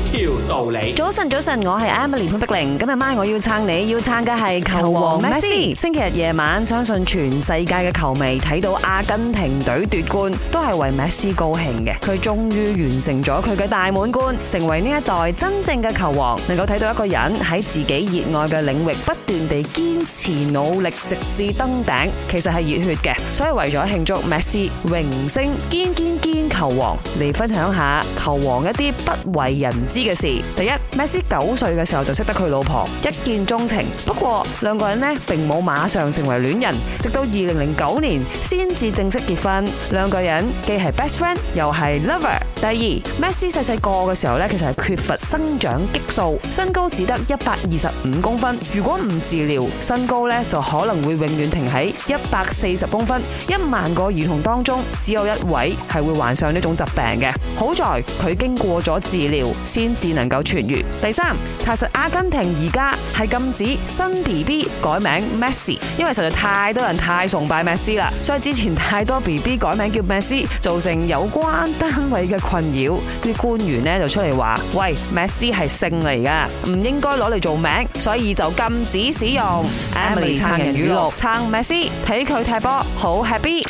條道理。早晨，早晨，我係 Emily 潘碧玲。今日晚我要撐你，要撐嘅係球王 Messi。星期日夜晚，相信全世界嘅球迷睇到阿根廷隊奪冠，都係為 Messi 高興嘅。佢終於完成咗佢嘅大滿貫，成為呢一代真正嘅球王。能夠睇到一個人喺自己熱愛嘅領域，不斷地堅持努力，直至登頂，其實係熱血嘅。所以為咗慶祝 Messi 榮升堅堅堅球王，嚟分享下球王一啲不為人。唔知嘅事，第一，Messi 九歲嘅時候就識得佢老婆，一見鍾情。不過兩個人呢，並冇馬上成為戀人，直到二零零九年先至正式結婚。兩個人既係 best friend 又係 lover。第二，Messi 細細個嘅時候呢，其實係缺乏生長激素，身高只得一百二十五公分。如果唔治療，身高呢就可能會永遠停喺一百四十公分。一萬個兒童當中，只有一位係會患上呢種疾病嘅。好在佢經過咗治療。先至能夠痊愈。第三，查實阿根廷而家係禁止新 B B 改名 Messi，因為實在太多人太崇拜 Messi 啦，所以之前太多 B B 改名叫 Messi，造成有關單位嘅困擾。啲官員呢就出嚟話：喂，Messi 係姓嚟噶，唔應該攞嚟做名，所以就禁止使用。MY 撐人語錄，撐 Messi，睇佢踢波好 happy。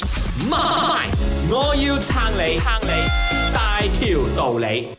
MY，我要撐你，撐你，大條道理。